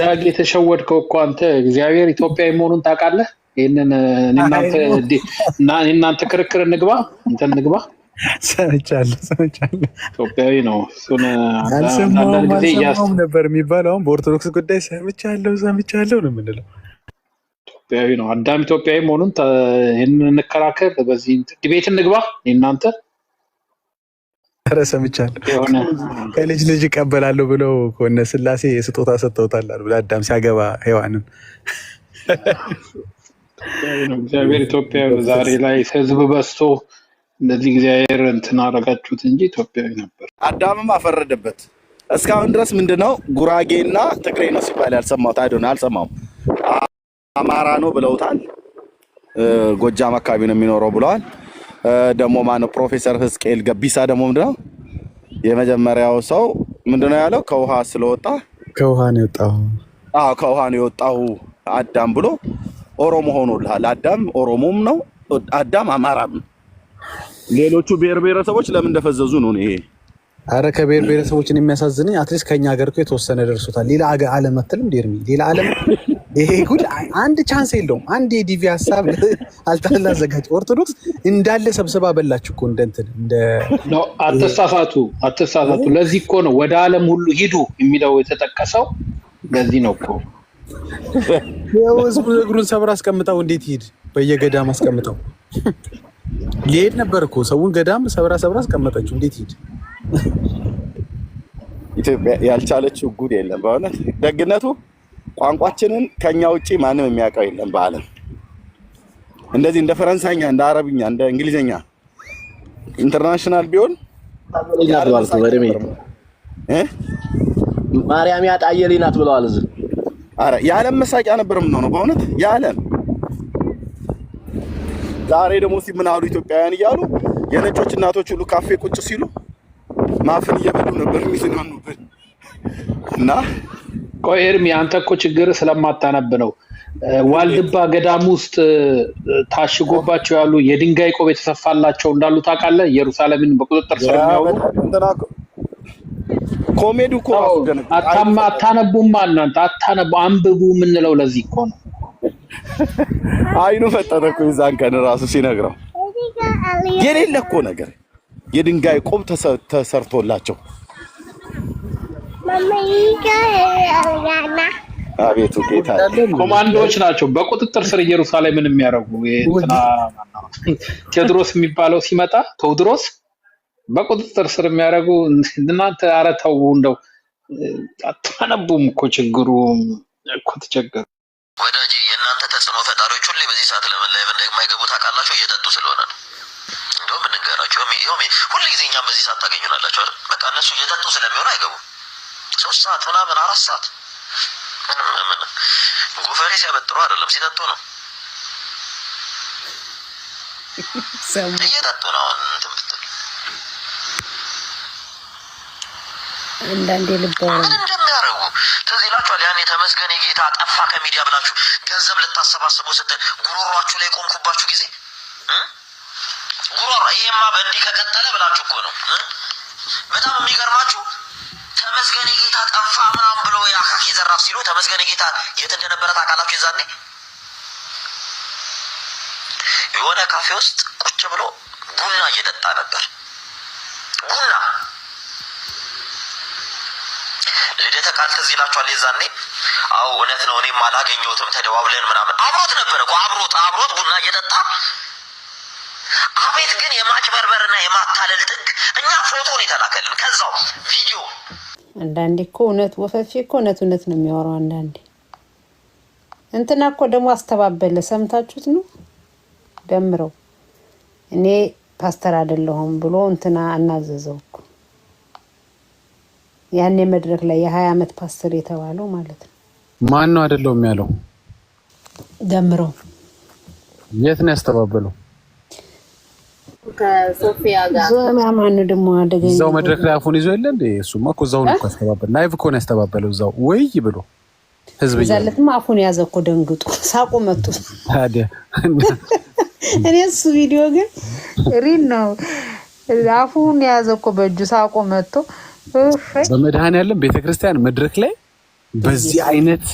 ዳግ የተሸወድከው እኮ አንተ እግዚአብሔር ኢትዮጵያዊ መሆኑን ታውቃለህ። ይህንን እናንተ ክርክር እንግባ እንትን እንግባ ሰምቻለሁ ሰምቻለሁ። ኢትዮጵያዊ ነው አልሰማሁም ነበር የሚባለው። አሁን በኦርቶዶክስ ጉዳይ ሰምቻለሁ ሰምቻለሁ ነው የምንለው። ኢትዮጵያዊ ነው አዳም ኢትዮጵያዊ መሆኑን ይህንን እንከራከር፣ በዚህ ዲቤት እንግባ እናንተ ኧረ ሰምቻለሁ። ከልጅ ልጅ ይቀበላሉ ብለው ከሆነ ስላሴ የስጦታ ሰጥተውታል አሉ ለአዳም ሲያገባ ሔዋንም። እግዚአብሔር ኢትዮጵያ ዛሬ ላይ ህዝብ በዝቶ እንደዚህ እግዚአብሔር እንትን አረጋችሁት እንጂ ኢትዮጵያዊ ነበር። አዳምም አፈረደበት። እስካሁን ድረስ ምንድነው ጉራጌና ትግሬ ነው ሲባል ያልሰማሁት አይዶ አልሰማሁም። አማራ ነው ብለውታል። ጎጃም አካባቢ ነው የሚኖረው ብለዋል። ደግሞ ማነው ፕሮፌሰር ህዝቅኤል ገቢሳ ደግሞ ምንድነው የመጀመሪያው ሰው ምንድነው ያለው ከውሃ ስለወጣ ከውሃ ነው የወጣሁ ከውሃ ነው የወጣሁ አዳም ብሎ ኦሮሞ ሆኖልሃል። አዳም ኦሮሞም ነው አዳም አማራም። ሌሎቹ ብሔር ብሔረሰቦች ለምን እንደፈዘዙ ነው ይሄ አረ ከብሔር ብሔረሰቦችን የሚያሳዝነኝ አትሊስት ከኛ ሀገር እኮ የተወሰነ ደርሶታል። ሌላ ዓለም አትልም ዴርሚ ሌላ አለም ይሄ ጉድ አንድ ቻንስ የለውም። አንድ የዲቪ ሀሳብ አልታላ አዘጋጅ ኦርቶዶክስ እንዳለ ሰብሰባ በላችሁ እኮ እንደ እንትን እንደ አተሳሳቱ አተሳሳቱ። ለዚህ እኮ ነው ወደ አለም ሁሉ ሂዱ የሚለው የተጠቀሰው ለዚህ ነው እኮ ህዝቡ እግሩን ሰብር አስቀምጠው እንዴት ይሄድ? በየገዳም አስቀምጠው ሊሄድ ነበር እኮ ሰውን ገዳም ሰብራ ሰብራ አስቀመጠችው እንዴት ይሄድ? ኢትዮጵያ ያልቻለችው ጉድ የለም። በእውነት ደግነቱ ቋንቋችንን ከኛ ውጭ ማንም የሚያውቀው የለም በአለም። እንደዚህ እንደ ፈረንሳይኛ፣ እንደ አረብኛ፣ እንደ እንግሊዝኛ ኢንተርናሽናል ቢሆን ማርያም ያጣየልኝ ናት ብለዋል። እዚህ የዓለም መሳቂያ ነበር የምንሆነው በእውነት የዓለም ዛሬ ደግሞ ምን አሉ ኢትዮጵያውያን እያሉ የነጮች እናቶች ሁሉ ካፌ ቁጭ ሲሉ ማፍን እየበሉ ነበር የሚዝናኑብን እና ቆይ ኤርሚ አንተ እኮ ችግር ስለማታነብ ነው። ዋልድባ ገዳም ውስጥ ታሽጎባቸው ያሉ የድንጋይ ቆብ የተሰፋላቸው እንዳሉ ታውቃለህ? ኢየሩሳሌምን በቁጥጥር ስር የሚያውቁ ኮሜዲ እኮ አታነቡማ እናንተ አታነቡ፣ አንብቡ የምንለው ለዚህ እኮ ነው። አይኑ ፈጠረ እኮ የዛን ቀን ራሱ ሲነግረው የሌለ እኮ ነገር የድንጋይ ቆብ ተሰርቶላቸው አቤቱ ጌታ ኮማንዶዎች ናቸው በቁጥጥር ስር ኢየሩሳሌምን የሚያደርጉ ቴዎድሮስ የሚባለው ሲመጣ ቴዎድሮስ በቁጥጥር ስር የሚያደርጉ እናንተ ኧረ ተው እንደው አታነቡም እኮ ችግሩ እኮ ተቸገሩ ወዳጅ የእናንተ ተጽዕኖ ፈጣሪዎች ሁሌ በዚህ ሰዓት ለምን ላይ እንደማይገቡ ታውቃላችሁ እየጠጡ ስለሆነ ነው ናቸው። ሁል ጊዜ እኛም በዚህ ሰዓት ታገኙናላቸው አይደል? በቃ እነሱ እየጠጡ ስለሚሆኑ አይገቡም። ሶስት ሰዓት ምናምን አራት ሰዓት ምንም ጎፈሬ ሲያበጥሩ አይደለም ሲጠጡ ነው። እየጠጡ ነው። አሁን እንትን ብትል አንዳንዴ ልብ ምን እንደሚያደርጉ ትዝ ይላችኋል። ያኔ ተመስገን የጌታ ጠፋ ከሚዲያ ብላችሁ ገንዘብ ልታሰባስቡ ስትል ጉሮሯችሁ ላይ ቆምኩባችሁ ጊዜ ጉሮሮ ይሄማ በእንዲህ ከቀጠለ ብላችሁ እኮ ነው። በጣም የሚገርማችሁ ተመስገን ጌታ ጠፋ ምናምን ብሎ የአካኬ ዘራፍ ሲሉ ተመስገን ጌታ የት እንደነበረ ታውቃላችሁ? የዛኔ የሆነ ካፌ ውስጥ ቁጭ ብሎ ቡና እየጠጣ ነበር። ቡና ልደተ ቃል ትዝ ይላችኋል? የዛኔ አዎ እውነት ነው። እኔም አላገኘሁትም ተደዋውለን ምናምን አብሮት ነበር እኮ አብሮት አብሮት ቡና እየጠጣ አቤት ግን የማጭበርበርና የማታለል ጥግ! እኛ ፎቶን የተላከልን ከዛው ቪዲዮ። አንዳንዴ እኮ እውነት ወፈፊ እኮ እውነት እውነት ነው የሚያወራው። አንዳንዴ እንትና እኮ ደግሞ አስተባበለ። ሰምታችሁት ነው ደምረው እኔ ፓስተር አይደለሁም ብሎ እንትና አናዘዘው እኮ ያኔ መድረክ ላይ የሀያ አመት ፓስተር የተባለው ማለት ነው። ማን ነው አይደለሁም ያለው? ደምረው የት ነው ያስተባበለው? ከሶፊያ ጋር ደግሞ አደገኝ እዛው መድረክ ላይ አፉን ይዞ የለ እንዴ? እሱማ እኮ እዛው ነው ያስተባበል ናይቭ እኮ ነው ያስተባበለው እዛው ወይ ብሎ ህዝብ ይዛለትማ አፉን ያዘ እኮ ደንግጡ ሳቁ መጡ። እኔ እሱ ቪዲዮ ግን ሪል ነው። አፉን ያዘ እኮ በእጁ ሳቁ መጥቶ በመድኃኔዓለም ቤተክርስቲያን መድረክ ላይ በዚህ አይነት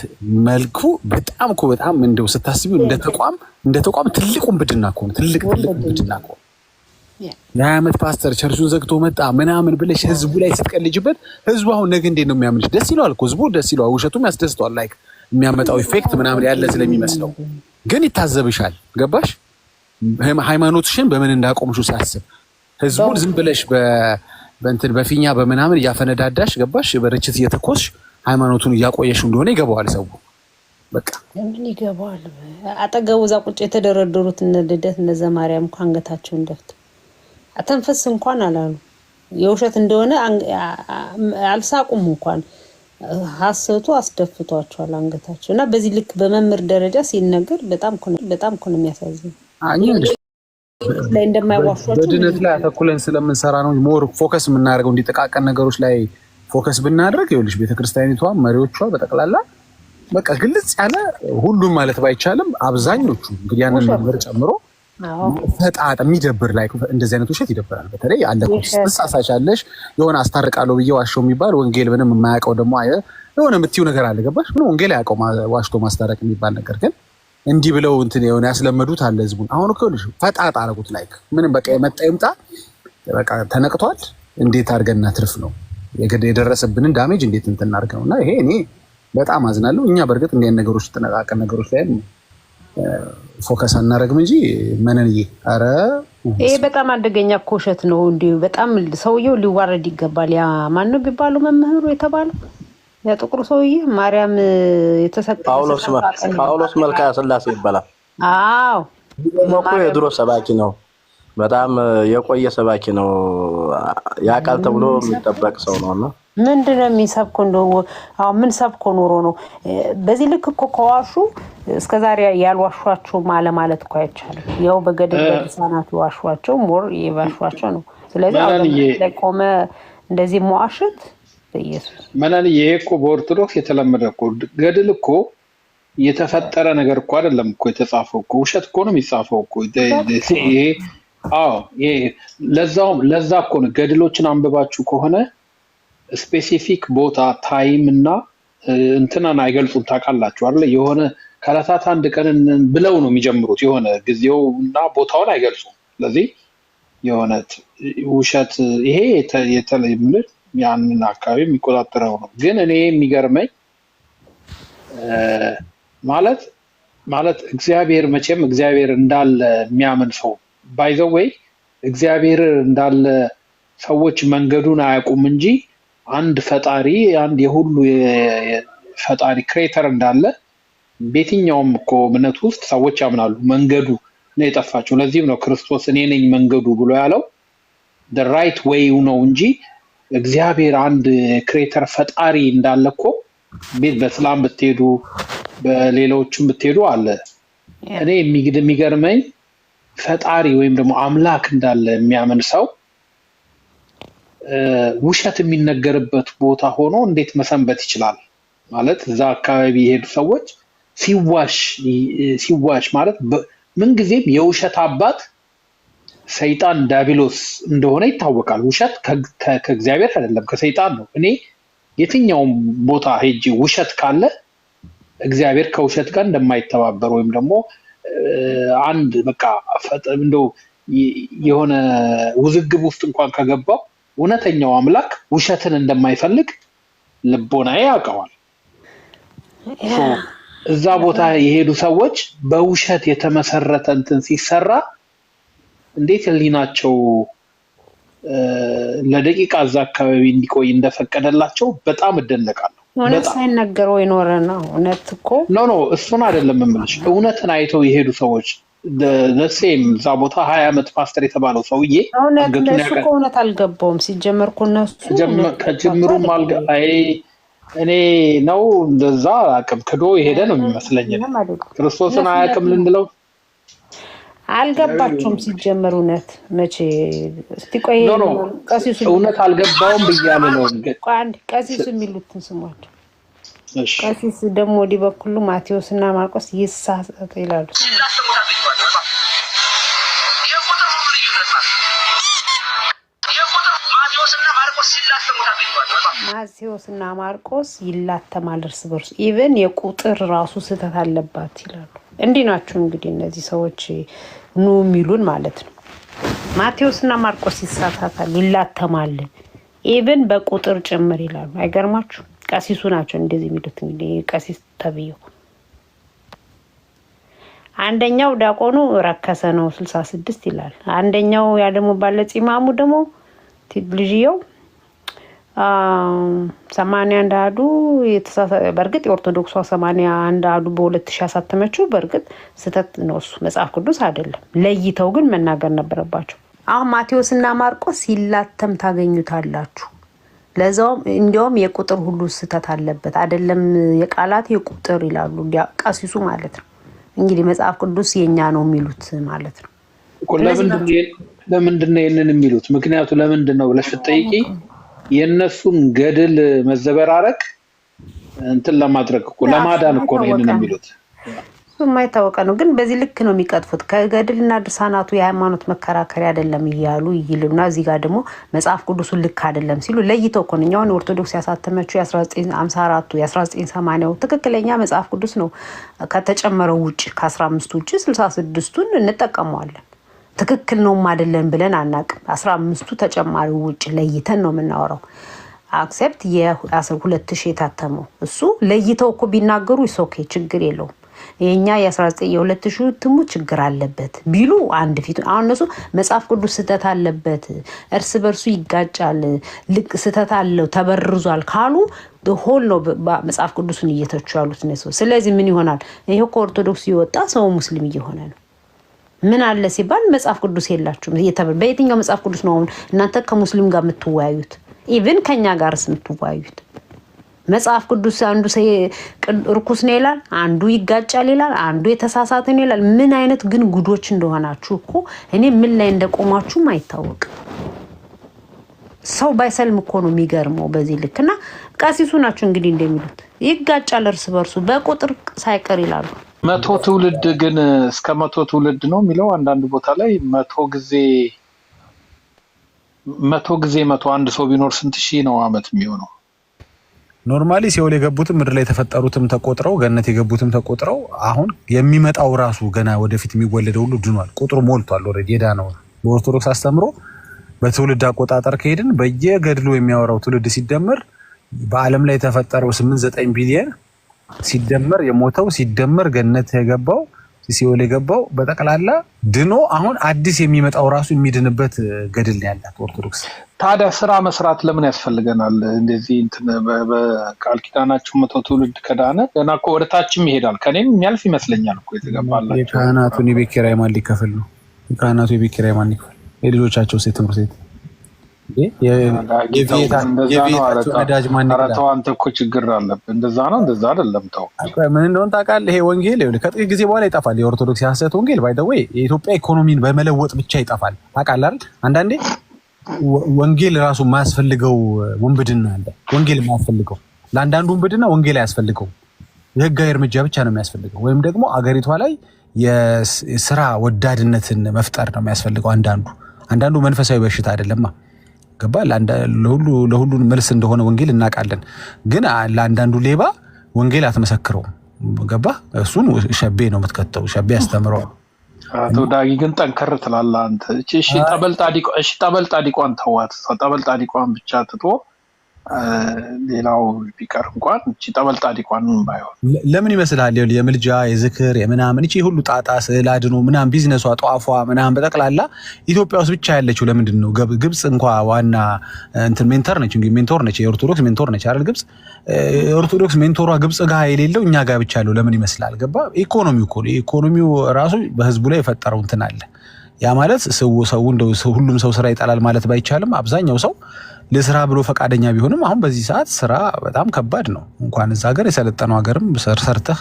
መልኩ በጣም እኮ በጣም እንደው ስታስቢው እንደ ተቋም እንደ ተቋም ትልቁን ብድና ከሆነ ትልቅ ትልቅ ብድና ከሆነ የሀያ ዓመት ፓስተር ቸርቹን ዘግቶ መጣ ምናምን ብለሽ ህዝቡ ላይ ስትቀልጅበት ህዝቡ አሁን ነገ እንዴት ነው የሚያምንሽ? ደስ ይለዋል እኮ ህዝቡ ደስ ይለዋል። ውሸቱም ያስደስተዋል። ላይክ የሚያመጣው ኢፌክት ምናምን ያለ ስለሚመስለው ግን ይታዘብሻል። ገባሽ? ሃይማኖትሽን በምን እንዳቆምሹ ሳስብ ህዝቡን ዝም ብለሽ በእንትን በፊኛ በምናምን እያፈነዳዳሽ ገባሽ? በርችት እየተኮስሽ ሃይማኖቱን እያቆየሽ እንደሆነ ይገባዋል ሰው በቃ ምን ይገባዋል። አጠገቡ እዛ ቁጭ የተደረደሩት እነ ልደት እነ ዘማርያም እኮ አንገታቸውን ደፍተው ተንፈስ እንኳን አላሉ። የውሸት እንደሆነ አልሳቁም እንኳን ሀሰቱ አስደፍቷቸዋል አንገታቸው እና በዚህ ልክ በመምህር ደረጃ ሲነገር በጣም እኮ ነው የሚያሳዝን። ላይ እንደማይዋሿቸው በድነት ላይ አተኩለን ስለምንሰራ ነው ሞር ፎከስ የምናደርገው። እንዲጠቃቀን ነገሮች ላይ ፎከስ ብናደርግ ይኸውልሽ፣ ቤተክርስቲያኒቷ መሪዎቿ በጠቅላላ በቃ ግልጽ ያለ ሁሉም ማለት ባይቻልም አብዛኞቹ እንግዲህ ያንን መምህር ጨምሮ ፈጣጥ የሚደብር ላይ እንደዚህ አይነት ውሸት ይደብራል። በተለይ አለ ሳሳሻለሽ የሆነ አስታርቃለሁ ብዬ ዋሸው የሚባል ወንጌል ምንም የማያውቀው ደግሞ የሆነ የምትይው ነገር አለ። ገባሽ? ምንም ወንጌል አያውቀው ዋሽቶ ማስታረቅ የሚባል ነገር ግን እንዲህ ብለው እንትን የሆነ ያስለመዱት አለ ህዝቡን። አሁን እኮ ልሽ ፈጣጥ አረጉት ላይ ምንም በቃ የመጣ ይምጣ በቃ ተነቅቷል። እንዴት አድርገን እናትርፍ ነው የደረሰብንን ዳሜጅ እንዴት እንትን እናድርግ ነው። እና ይሄ እኔ በጣም አዝናለሁ። እኛ በእርግጥ እንዲህ ነገሮች ተነቃቀን ነገሮች ላይ ፎከስ አናደርግም እንጂ መነንዬ፣ አረ ይሄ በጣም አደገኛ ኮሸት ነው። እንዲሁ በጣም ሰውየው ሊዋረድ ይገባል። ያ ማን ነው የሚባለው መምህሩ የተባለው ያ ጥቁሩ ሰውዬ ማርያም የተሰጠ ጳውሎስ መልካ ስላሴ ይባላል። አዎ የድሮ ሰባኪ ነው። በጣም የቆየ ሰባኪ ነው። ያቃል ተብሎ የሚጠበቅ ሰው ነው እና ምንድን ነው የሚሰብክ? ምን ሰብኮ ኖሮ ነው በዚህ ልክ እኮ ከዋሹ እስከ ዛሬ ያልዋሿቸው አለማለት እኮ አይቻልም። ያው በገደብ ህፃናት ዋሿቸው ሞር የባሿቸው ነው። ስለዚህ ቆመ እንደዚህ መዋሸት በኢየሱስ መላል። ይሄ እኮ በኦርቶዶክስ የተለመደ እኮ ገድል እኮ የተፈጠረ ነገር እኮ አይደለም እኮ የተጻፈው እኮ ውሸት እኮ ነው የሚጻፈው እኮ ይሄ። ለዛውም ለዛ እኮ ነው ገድሎችን አንብባችሁ ከሆነ ስፔሲፊክ ቦታ ታይም እና እንትናን አይገልጹም። ታውቃላችሁ አለ የሆነ ከዕለታት አንድ ቀን ብለው ነው የሚጀምሩት። የሆነ ጊዜው እና ቦታውን አይገልጹም። ስለዚህ የሆነ ውሸት ይሄ የተለይ ያንን አካባቢ የሚቆጣጠረው ነው። ግን እኔ የሚገርመኝ ማለት ማለት እግዚአብሔር መቼም እግዚአብሔር እንዳለ የሚያምን ሰው ባይዘወይ እግዚአብሔር እንዳለ ሰዎች መንገዱን አያውቁም እንጂ አንድ ፈጣሪ አንድ የሁሉ ፈጣሪ ክሬተር እንዳለ በየትኛውም እኮ እምነት ውስጥ ሰዎች ያምናሉ። መንገዱ ነው የጠፋቸው። ለዚህም ነው ክርስቶስ እኔ ነኝ መንገዱ ብሎ ያለው ራይት ወይ ነው እንጂ እግዚአብሔር አንድ ክሬተር ፈጣሪ እንዳለ እኮ ቤት በስላም ብትሄዱ በሌሎችም ብትሄዱ አለ። እኔ የሚገርመኝ ፈጣሪ ወይም ደግሞ አምላክ እንዳለ የሚያምን ሰው ውሸት የሚነገርበት ቦታ ሆኖ እንዴት መሰንበት ይችላል? ማለት እዛ አካባቢ የሄዱ ሰዎች ሲዋሽ ሲዋሽ ማለት ምንጊዜም የውሸት አባት ሰይጣን ዳቢሎስ እንደሆነ ይታወቃል። ውሸት ከእግዚአብሔር አይደለም ከሰይጣን ነው። እኔ የትኛውም ቦታ ሄጂ ውሸት ካለ እግዚአብሔር ከውሸት ጋር እንደማይተባበር ወይም ደግሞ አንድ በቃ እንደው የሆነ ውዝግብ ውስጥ እንኳን ከገባው እውነተኛው አምላክ ውሸትን እንደማይፈልግ ልቦና ያውቀዋል። እዛ ቦታ የሄዱ ሰዎች በውሸት የተመሰረተ እንትን ሲሰራ እንዴት ህሊናቸው ለደቂቃ እዛ አካባቢ እንዲቆይ እንደፈቀደላቸው በጣም እደነቃለሁ። እውነት ሳይነገረው የኖረ ነው። እውነት እኮ ኖ ኖ፣ እሱን አይደለም የምልሽ፣ እውነትን አይተው የሄዱ ሰዎች ዘሴም እዛ ቦታ ሀያ ዓመት ፓስተር የተባለው ሰውዬ እውነት አልገባውም። ሲጀመር እኮ እኔ ነው እንደዛ አቅም ክዶ የሄደ ነው የሚመስለኝ። ክርስቶስን አያውቅም ልንለው አልገባቸውም። ሲጀመር እውነት መቼ እስቲ ቆይ እውነት አልገባውም ብያለ ነው ቀሲሱ የሚሉትን ስሟቸው። ቀሲስ ደግሞ ወዲህ በኩሉ ማቴዎስ እና ማርቆስ ይሳሳት ይላሉ። ይገባል። የቁጥር ልዩነት ማለት የቁጥር ማቴዎስና ማርቆስ ሲላተሙ ታገኘዋለህ። ማቴዎስና ማርቆስ ይላተማል እርስ በርሱ። ኢቨን የቁጥር ራሱ ስህተት አለባት ይላሉ። እንዲህ ናችሁ እንግዲህ እነዚህ ሰዎች ኑ የሚሉን ማለት ነው። ማቴዎስና ማርቆስ ይሳሳታል፣ ይላተማል ኢቨን በቁጥር ጭምር ይላሉ። አይገርማችሁ? ቀሲሱ ናቸው እንደዚህ የሚሉት እንግዲህ ቀሲስ ተብዬው አንደኛው ዲያቆኑ ረከሰ ነው ስልሳ ስድስት ይላል። አንደኛው ያ ደግሞ ባለ ጺማሙ ደግሞ ልጅየው ሰማንያ አንድ አሃዱ በእርግጥ የኦርቶዶክሷ ሰማንያ አንድ አሃዱ በሁለት ሺ ያሳተመችው በእርግጥ ስህተት ነው እሱ መጽሐፍ ቅዱስ አይደለም። ለይተው ግን መናገር ነበረባቸው። አሁን እና ማርቆስ ሲላተም ታገኙታላችሁ። ለዛውም እንዲያውም የቁጥር ሁሉ ስህተት አለበት አይደለም የቃላት የቁጥር ይላሉ ቀሲሱ ማለት ነው። እንግዲህ መጽሐፍ ቅዱስ የኛ ነው የሚሉት ማለት ነው። ለምንድን ነው ይህንን የሚሉት? ምክንያቱ ለምንድን ነው ብለሽ ብትጠይቂ የእነሱን ገድል መዘበራረቅ እንትን ለማድረግ እኮ ለማዳን እኮ ነው ይህንን የሚሉት። የማይታወቀ ነው። ግን በዚህ ልክ ነው የሚቀጥፉት። ከገድልና ድርሳናቱ የሃይማኖት መከራከሪያ አይደለም እያሉ ይልና እዚህ ጋር ደግሞ መጽሐፍ ቅዱሱን ልክ አይደለም ሲሉ ለይተው እኮ ነው። እኛውን ኦርቶዶክስ ያሳተመችው የ1954ቱ የ1980ው ትክክለኛ መጽሐፍ ቅዱስ ነው። ከተጨመረው ውጭ ከ15 ውጭ 66ቱን እንጠቀመዋለን። ትክክል ነውም አይደለም ብለን አናቅም። 15ቱ ተጨማሪ ውጭ ለይተን ነው የምናወራው። አክሴፕት የ2000 የታተመው እሱ ለይተው እኮ ቢናገሩ ይሶኬ ችግር የለውም። የእኛ የ19 ትሙ ችግር አለበት ቢሉ አንድ ፊቱ አሁን እነሱ መጽሐፍ ቅዱስ ስህተት አለበት፣ እርስ በርሱ ይጋጫል፣ ልቅ ስህተት አለው፣ ተበርዟል ካሉ ሆል ነው መጽሐፍ ቅዱሱን እየተቹ ያሉት እነሱ። ስለዚህ ምን ይሆናል? ይሄ እኮ ኦርቶዶክስ ሰው ሙስሊም እየሆነ ነው። ምን አለ ሲባል መጽሐፍ ቅዱስ የላችሁም። በየትኛው መጽሐፍ ቅዱስ ነው አሁን እናንተ ከሙስሊም ጋር የምትወያዩት? ኢቭን ከኛ ጋርስ የምትወያዩት? መጽሐፍ ቅዱስ አንዱ ርኩስ ነው ይላል፣ አንዱ ይጋጫል ይላል፣ አንዱ የተሳሳተ ነው ይላል። ምን አይነት ግን ጉዶች እንደሆናችሁ እኮ እኔ ምን ላይ እንደቆማችሁም አይታወቅም። ሰው ባይሰልም እኮ ነው የሚገርመው በዚህ ልክ እና ቀሲሱ ናቸው እንግዲህ እንደሚሉት ይጋጫል እርስ በርሱ በቁጥር ሳይቀር ይላሉ። መቶ ትውልድ ግን እስከ መቶ ትውልድ ነው የሚለው አንዳንድ ቦታ ላይ መቶ ጊዜ መቶ ጊዜ መቶ አንድ ሰው ቢኖር ስንት ሺህ ነው አመት የሚሆነው? ኖርማሊ ሲኦል የገቡትም ምድር ላይ የተፈጠሩትም ተቆጥረው ገነት የገቡትም ተቆጥረው አሁን የሚመጣው ራሱ ገና ወደፊት የሚወለደ ሁሉ ድኗል። ቁጥሩ ሞልቷል። ኦልሬዲ የዳ ነው። በኦርቶዶክስ አስተምሮ በትውልድ አቆጣጠር ከሄድን በየገድሉ የሚያወራው ትውልድ ሲደመር በዓለም ላይ የተፈጠረው 8 9 ቢሊየን ሲደመር የሞተው ሲደመር ገነት የገባው ሲኦል የገባው በጠቅላላ ድኖ አሁን አዲስ የሚመጣው ራሱ የሚድንበት ገድል ያላት ኦርቶዶክስ። ታዲያ ስራ መስራት ለምን ያስፈልገናል? እንደዚህ በቃል ኪዳናቸው መቶ ትውልድ ከዳነ ገና እኮ ወደ ታችም ይሄዳል። ከኔም የሚያልፍ ይመስለኛል እኮ የተገባላቸው የካህናቱን የቤት ኪራይ ማን ሊከፍል ነው? የካህናቱ የቤት ኪራይ ማን ሊከፍል? የልጆቻቸው ሴት ትምህርት ቤት አንተ እኮ ችግር አለብህ። እንደዛ ነው እንደዛ አይደለም። ተው ምን እንደሆን ታውቃለህ? ይሄ ወንጌል ከጥቂት ጊዜ በኋላ ይጠፋል። የኦርቶዶክስ የሐሰት ወንጌል ባይደወይ የኢትዮጵያ ኢኮኖሚን በመለወጥ ብቻ ይጠፋል። ታውቃለህ አይደል? አንዳንዴ ወንጌል ራሱ የማያስፈልገው ውንብድና አለ። ወንጌል የማያስፈልገው ለአንዳንዱ ውንብድና ወንጌል አያስፈልገው፣ የህጋዊ እርምጃ ብቻ ነው የሚያስፈልገው። ወይም ደግሞ አገሪቷ ላይ የስራ ወዳድነትን መፍጠር ነው የሚያስፈልገው። አንዳንዱ አንዳንዱ መንፈሳዊ በሽታ አይደለማ ገባ ለሁሉ መልስ እንደሆነ ወንጌል እናውቃለን። ግን ለአንዳንዱ ሌባ ወንጌል አትመሰክረውም። ገባ እሱን ሸቤ ነው የምትከተው፣ ሸቤ ያስተምረዋል። አቶ ዳጊ ግን ጠንከር ትላለህ አንተ። እሺ ጠበል ተዋት፣ ጠበል ብቻ ትቶ ሌላው ቢቀር እንኳን እቺ ጠበልጣዲቋን ባይሆን ለምን ይመስላል የምልጃ የዝክር የምናምን እቺ ሁሉ ጣጣ ስዕል አድኖ ምናምን ቢዝነሷ ጧፏ ምናምን በጠቅላላ ኢትዮጵያ ውስጥ ብቻ ያለችው ለምንድን ነው? ግብፅ እንኳ ዋና እንትን ሜንተር ነች እንግዲህ ሜንቶር ነች፣ የኦርቶዶክስ ሜንቶር ነች አይደል? ግብፅ ኦርቶዶክስ ሜንቶሯ ግብፅ ጋር የሌለው እኛ ጋር ብቻ ያለው ለምን ይመስላል? ገባ ኢኮኖሚው እኮ ኢኮኖሚው ራሱ በህዝቡ ላይ የፈጠረው እንትን አለ። ያ ማለት ሰው ሰው እንደው ሁሉም ሰው ስራ ይጠላል ማለት ባይቻልም አብዛኛው ሰው ለስራ ብሎ ፈቃደኛ ቢሆንም አሁን በዚህ ሰዓት ስራ በጣም ከባድ ነው። እንኳን እዛ ሀገር የሰለጠነው ሀገርም ሰርተህ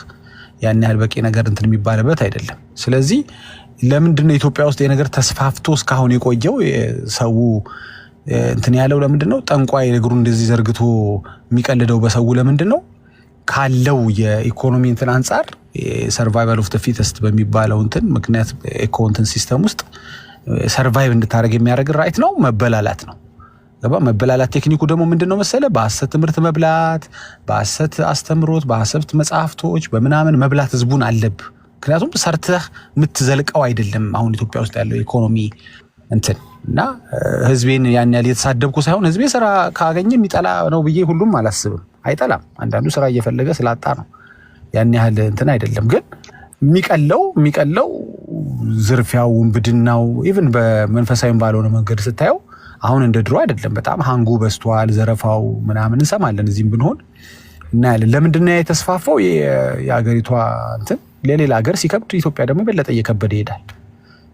ያን ያህል በቂ ነገር እንትን የሚባልበት አይደለም። ስለዚህ ለምንድን ነው ኢትዮጵያ ውስጥ የነገር ተስፋፍቶ እስካሁን የቆየው ሰው እንትን ያለው ለምንድን ነው? ጠንቋይ እግሩ እንደዚህ ዘርግቶ የሚቀልደው በሰው ለምንድን ነው? ካለው የኢኮኖሚ እንትን አንጻር ሰርቫይቫል ኦፍ ፊተስት በሚባለው እንትን ምክንያት ኢኮ እንትን ሲስተም ውስጥ ሰርቫይቭ እንድታደረግ የሚያደርግ ራይት ነው መበላላት ነው። መበላላት ቴክኒኩ ደግሞ ምንድን ነው መሰለ? በሐሰት ትምህርት መብላት፣ በሐሰት አስተምሮት፣ በሐሰት መጽሐፍቶች በምናምን መብላት ህዝቡን አለብ። ምክንያቱም ሰርተህ የምትዘልቀው አይደለም አሁን ኢትዮጵያ ውስጥ ያለው ኢኮኖሚ እንትን እና ህዝቤን ያን ያህል የተሳደብኩ ሳይሆን ህዝቤ ስራ ካገኘ የሚጠላ ነው ብዬ ሁሉም አላስብም። አይጠላም። አንዳንዱ ስራ እየፈለገ ስላጣ ነው። ያን ያህል እንትን አይደለም። ግን የሚቀለው የሚቀለው ዝርፊያው፣ ውንብድናው ኢቭን በመንፈሳዊም ባልሆነ መንገድ ስታየው አሁን እንደ ድሮ አይደለም። በጣም ሀንጉ በዝቷል። ዘረፋው ምናምን እንሰማለን። እዚህም ብንሆን እናያለን። ለምንድን ነው የተስፋፋው? የአገሪቷ እንትን ለሌላ ሀገር ሲከብድ፣ ኢትዮጵያ ደግሞ በለጠ እየከበደ ይሄዳል።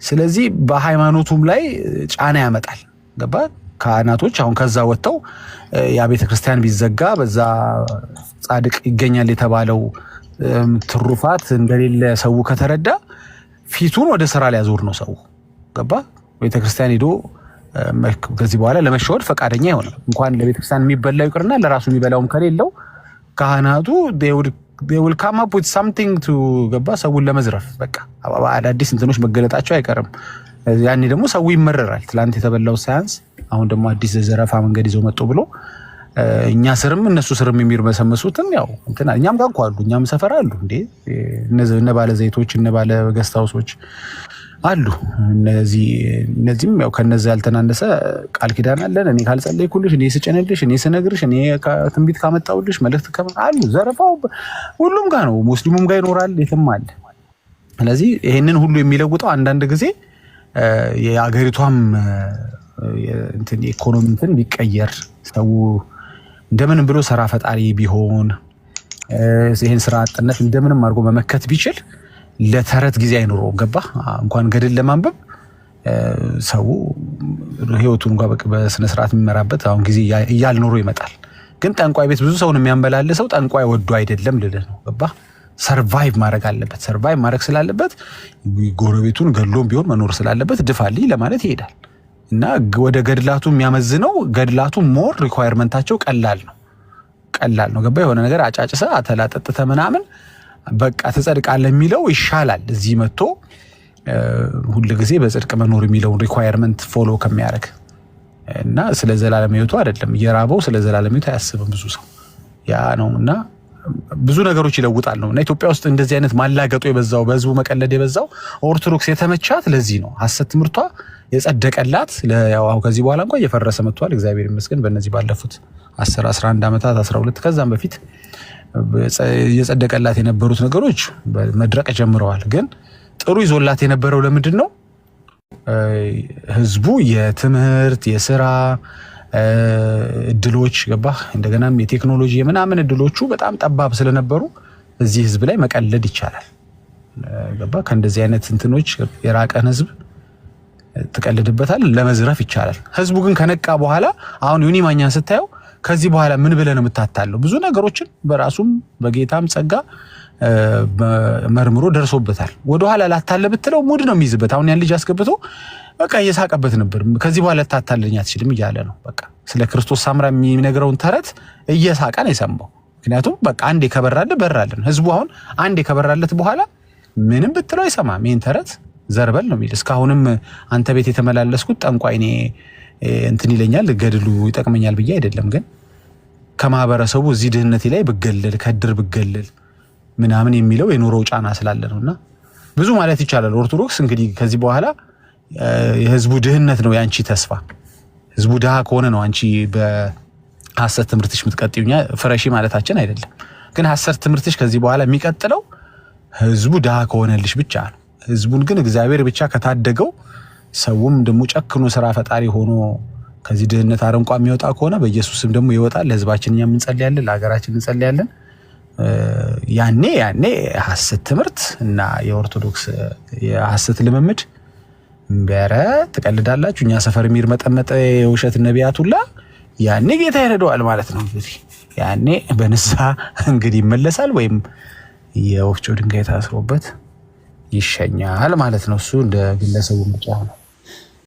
ስለዚህ በሃይማኖቱም ላይ ጫና ያመጣል። ገባ ካህናቶች አሁን ከዛ ወጥተው ያ ቤተ ክርስቲያን ቢዘጋ በዛ ጻድቅ ይገኛል የተባለው ትሩፋት እንደሌለ ሰው ከተረዳ ፊቱን ወደ ስራ ሊያዞር ነው ሰው ገባ ቤተ ክርስቲያን ሄዶ ከዚህ በኋላ ለመሸወድ ፈቃደኛ ይሆናል። እንኳን ለቤተክርስቲያን የሚበላው ይቅርና ለራሱ የሚበላውም ከሌለው ካህናቱ ውልካማ ፑት ሳምቲንግ ቱ ገባ ሰውን ለመዝረፍ በቃ አዳዲስ እንትኖች መገለጣቸው አይቀርም። ያኔ ደግሞ ሰው ይመረራል። ትላንት የተበላው ሳያንስ አሁን ደግሞ አዲስ ዘረፋ መንገድ ይዘው መጡ ብሎ እኛ ስርም እነሱ ስርም የሚርመሰመሱትን ያው እንትና እኛም ጋር አሉ፣ እኛም ሰፈር አሉ እንዴ እነ ባለ ዘይቶች እነ ባለ ገስታውሶች አሉ እነዚህ እነዚህም ያው ከነዚ ያልተናነሰ ቃል ኪዳን አለን። እኔ ካልጸለይኩልሽ፣ እኔ ስጭንልሽ፣ እኔ ስነግርሽ፣ እኔ ትንቢት ካመጣውልሽ መልእክት አሉ። ዘረፋው ሁሉም ጋር ነው፣ ሙስሊሙም ጋር ይኖራል፣ የትም አለ። ስለዚህ ይህንን ሁሉ የሚለውጠው አንዳንድ ጊዜ የአገሪቷም ኢኮኖሚ እንትን ቢቀየር ሰው እንደምንም ብሎ ስራ ፈጣሪ ቢሆን ይህን ስራ አጥነት እንደምንም አድርጎ መመከት ቢችል ለተረት ጊዜ አይኖረውም። ገባ እንኳን ገድል ለማንበብ ሰው ህይወቱን እንኳ በስነስርዓት የሚመራበት አሁን ጊዜ እያልኖሮ ይመጣል። ግን ጠንቋይ ቤት ብዙ ሰውን የሚያንበላል ሰው ጠንቋይ ወዶ አይደለም ልልህ ነው። ገባ ሰርቫይቭ ማድረግ አለበት። ሰርቫይቭ ማድረግ ስላለበት ጎረቤቱን ገድሎም ቢሆን መኖር ስላለበት ድፋልኝ ለማለት ይሄዳል እና ወደ ገድላቱ የሚያመዝነው ገድላቱ ሞር ሪኳየርመንታቸው ቀላል ነው ቀላል ነው። ገባ የሆነ ነገር አጫጭሰ አተላጠጥተ ምናምን በቃ ትጸድቃለህ የሚለው ይሻላል። እዚህ መጥቶ ሁል ጊዜ በጽድቅ መኖር የሚለውን ሪኳየርመንት ፎሎ ከሚያደርግ እና ስለ ዘላለም ህይወቱ አይደለም የራበው ስለ ዘላለም ሕይወቱ አያስብም ብዙ ሰው ያ ነው እና ብዙ ነገሮች ይለውጣል ነው እና ኢትዮጵያ ውስጥ እንደዚህ አይነት ማላገጡ የበዛው በህዝቡ መቀለድ የበዛው ኦርቶዶክስ የተመቻት ለዚህ ነው። ሀሰት ትምህርቷ የጸደቀላት ለያው ከዚህ በኋላ እንኳ እየፈረሰ መጥቷል። እግዚአብሔር ይመስገን በእነዚህ ባለፉት 11 ዓመታት 12 ከዛም በፊት እየጸደቀላት የነበሩት ነገሮች መድረቅ ጀምረዋል። ግን ጥሩ ይዞላት የነበረው ለምንድን ነው? ህዝቡ የትምህርት የስራ እድሎች ገባህ፣ እንደገናም የቴክኖሎጂ የምናምን እድሎቹ በጣም ጠባብ ስለነበሩ እዚህ ህዝብ ላይ መቀለድ ይቻላል። ገባህ? ከእንደዚህ አይነት እንትኖች የራቀን ህዝብ ትቀልድበታል፣ ለመዝረፍ ይቻላል። ህዝቡ ግን ከነቃ በኋላ አሁን ዩኒማኛን ስታየው ከዚህ በኋላ ምን ብለህ ነው የምታታለው? ብዙ ነገሮችን በራሱም በጌታም ጸጋ መርምሮ ደርሶበታል። ወደኋላ ላታለ ብትለው ሙድ ነው የሚይዝበት። አሁን ያን ልጅ አስገብቶ በቃ እየሳቀበት ነበር። ከዚህ በኋላ ልታታለኝ አትችልም እያለ ነው። በቃ ስለ ክርስቶስ ሳምራ የሚነግረውን ተረት እየሳቀ ነው የሰማው። ምክንያቱም በቃ አንዴ ከበራለ ነው ህዝቡ አሁን አንዴ ከበራለት በኋላ ምንም ብትለው አይሰማም። ይህን ተረት ዘርበል ነው የሚል። እስካሁንም አንተ ቤት የተመላለስኩት ጠንቋይ እኔ እንትን ይለኛል ገድሉ ይጠቅመኛል ብዬ አይደለም። ግን ከማህበረሰቡ እዚህ ድህነቴ ላይ ብገለል ከድር ብገለል ምናምን የሚለው የኑሮው ጫና ስላለ ነው። እና ብዙ ማለት ይቻላል። ኦርቶዶክስ እንግዲህ ከዚህ በኋላ የህዝቡ ድህነት ነው የአንቺ ተስፋ። ህዝቡ ድሀ ከሆነ ነው አንቺ በሀሰት ትምህርትሽ የምትቀጥዩ። ፍረሺ ማለታችን አይደለም። ግን ሀሰት ትምህርትሽ ከዚህ በኋላ የሚቀጥለው ህዝቡ ድሀ ከሆነልሽ ብቻ ነው። ህዝቡን ግን እግዚአብሔር ብቻ ከታደገው ሰውም ደግሞ ጨክኖ ስራ ፈጣሪ ሆኖ ከዚህ ድህነት አረንቋ የሚወጣ ከሆነ በኢየሱስም ደግሞ ይወጣል። ለህዝባችን እኛም እንጸልያለን፣ ለሀገራችን እንጸልያለን። ያኔ ያኔ ሀሰት ትምህርት እና የኦርቶዶክስ የሀሰት ልምምድ በረ ትቀልዳላችሁ፣ እኛ ሰፈር መጠመጠ የውሸት ነቢያት ሁላ ያኔ ጌታ ይረደዋል ማለት ነው። እንግዲህ ያኔ በንስሐ እንግዲህ ይመለሳል ወይም የወፍጮ ድንጋይ ታስሮበት ይሸኛል ማለት ነው። እሱ እንደ ግለሰቡ ምርጫ ነው።